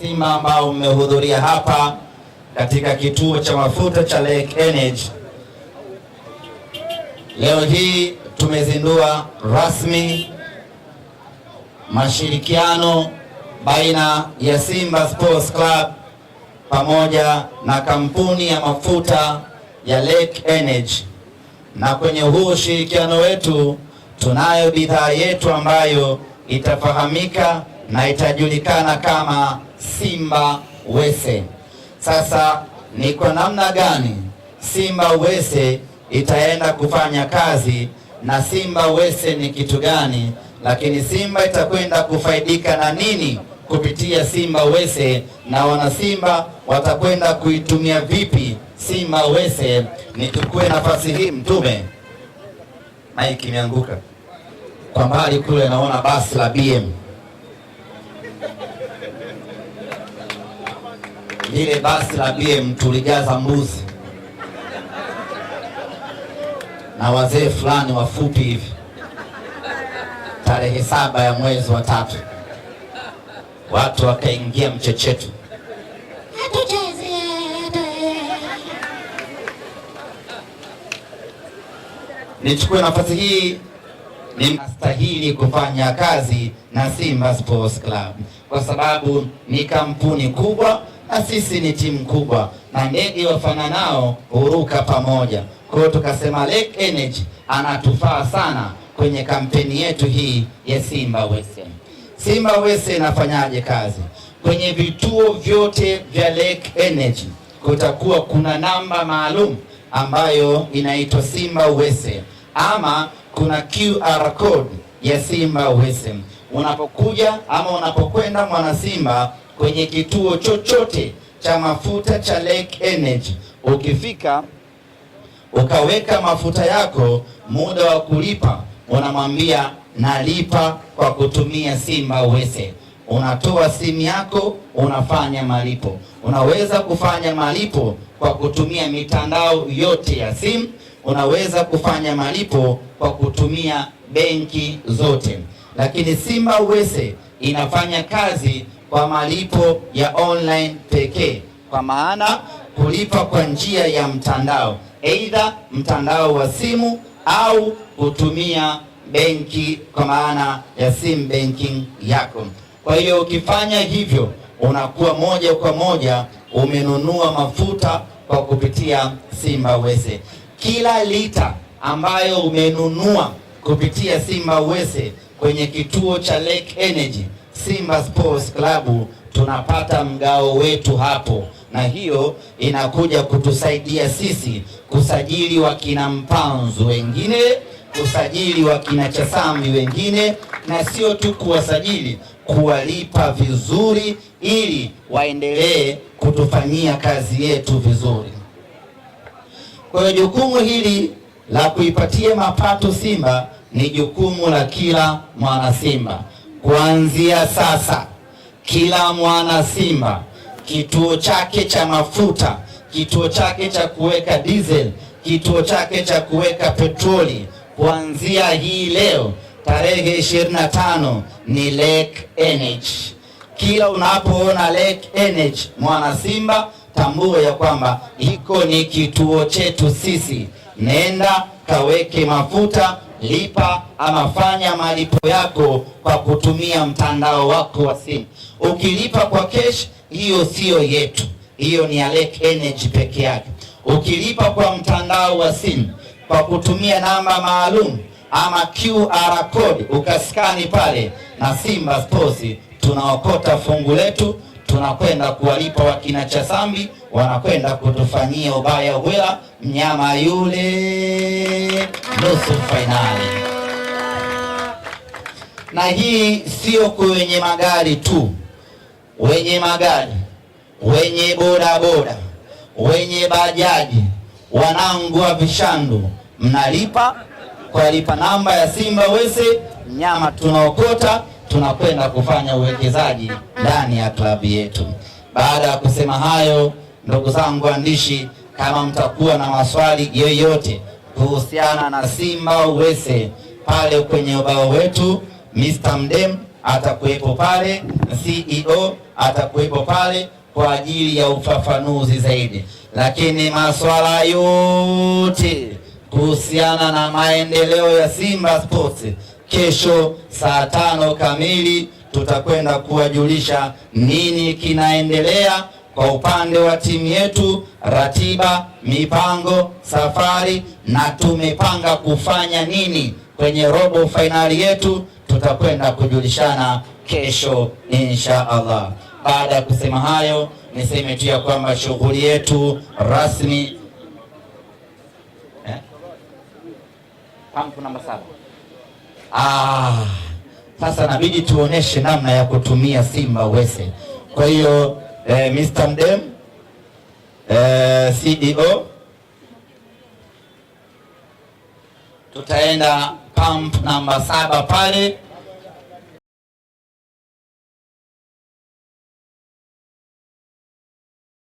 Sima ambao mmehudhuria hapa katika kituo cha mafuta cha Lake Energy. Leo hii tumezindua rasmi mashirikiano baina ya Simba Sports Club pamoja na kampuni ya mafuta ya Lake Energy, na kwenye huu ushirikiano wetu tunayo bidhaa yetu ambayo itafahamika na itajulikana kama Simba Wese. Sasa ni kwa namna gani Simba Wese itaenda kufanya kazi na Simba Wese ni kitu gani, lakini Simba itakwenda kufaidika na nini kupitia Simba Wese na wanasimba watakwenda kuitumia vipi Simba Wese. Nitukue nafasi hii mtume, maiki imeanguka kwa mbali kule, naona basi la BM lile basi la BM tulijaza mbuzi na wazee fulani wafupi hivi, tarehe saba ya mwezi wa tatu watu wakaingia mchechetu Nichukue nafasi hii ninastahili kufanya kazi na Simba Sports Club kwa sababu ni kampuni kubwa na sisi ni timu kubwa na ndege wafananao huruka pamoja. Kwa hiyo tukasema Lake Energy anatufaa sana kwenye kampeni yetu hii ya Simba Wese. Simba Wese inafanyaje kazi? Kwenye vituo vyote vya Lake Energy kutakuwa kuna namba maalum ambayo inaitwa Simba Wese ama kuna QR code ya Simba Wese. Unapokuja ama unapokwenda mwana Simba kwenye kituo chochote cha mafuta cha Lake Energy, ukifika ukaweka mafuta yako, muda wa kulipa unamwambia nalipa kwa kutumia Simba Wese. Unatoa simu yako, unafanya malipo. Unaweza kufanya malipo kwa kutumia mitandao yote ya simu, unaweza kufanya malipo kwa kutumia benki zote, lakini Simba Wese inafanya kazi kwa malipo ya online pekee, kwa maana kulipa kwa njia ya mtandao, aidha mtandao wa simu au kutumia benki, kwa maana ya sim banking yako. Kwa hiyo ukifanya hivyo, unakuwa moja kwa moja umenunua mafuta kwa kupitia Simba Wese. Kila lita ambayo umenunua kupitia Simba Wese kwenye kituo cha Lake Energy Simba Sports Club tunapata mgao wetu hapo, na hiyo inakuja kutusaidia sisi kusajili wakina Mpanzu wengine, kusajili wakina Chasambi wengine, na sio tu kuwasajili, kuwalipa vizuri ili waendelee kutufanyia kazi yetu vizuri. Kwa hiyo jukumu hili la kuipatia mapato Simba ni jukumu la kila mwana Simba. Kuanzia sasa kila mwana Simba kituo chake cha mafuta, kituo chake cha kuweka diesel, kituo chake cha kuweka petroli, kuanzia hii leo tarehe 25 ni Lake Energy. Kila unapoona Lake Energy, mwana Simba, tambua ya kwamba hiko ni kituo chetu sisi. Nenda kaweke mafuta lipa ama fanya malipo yako kwa kutumia mtandao wako wa simu. Ukilipa kwa cash, hiyo siyo yetu, hiyo ni ya Lake Energy peke yake. Ukilipa kwa mtandao wa simu kwa kutumia namba maalum ama QR code ukaskani pale, na Simba Sports tunaokota fungu letu, tunakwenda kuwalipa wakina Chasambi wanakwenda kutufanyia ubaya bila mnyama yule nusu fainali. Na hii sio kwenye magari tu, wenye magari, wenye bodaboda, wenye bajaji, wanangu vishando vishandu, mnalipa kwa lipa namba ya Simba Wese. Nyama tunaokota tunakwenda kufanya uwekezaji ndani ya klabu yetu. Baada ya kusema hayo Ndugu zangu waandishi, kama mtakuwa na maswali yoyote kuhusiana na Simba Uwese, pale kwenye ubao wetu Mr. Mdem atakuwepo pale, CEO atakuwepo pale kwa ajili ya ufafanuzi zaidi, lakini maswala yote kuhusiana na maendeleo ya Simba Sports kesho saa tano kamili tutakwenda kuwajulisha nini kinaendelea kwa upande wa timu yetu, ratiba, mipango, safari na tumepanga kufanya nini kwenye robo fainali yetu, tutakwenda kujulishana kesho insha Allah. Baada ya kusema hayo, niseme tu ya kwamba shughuli yetu rasmi eh? namba saba ah, sasa, nabidi tuoneshe namna ya kutumia Simba Wese. Kwa hiyo eh, Mr. Mdem eh, CEO. tutaenda pump namba saba pale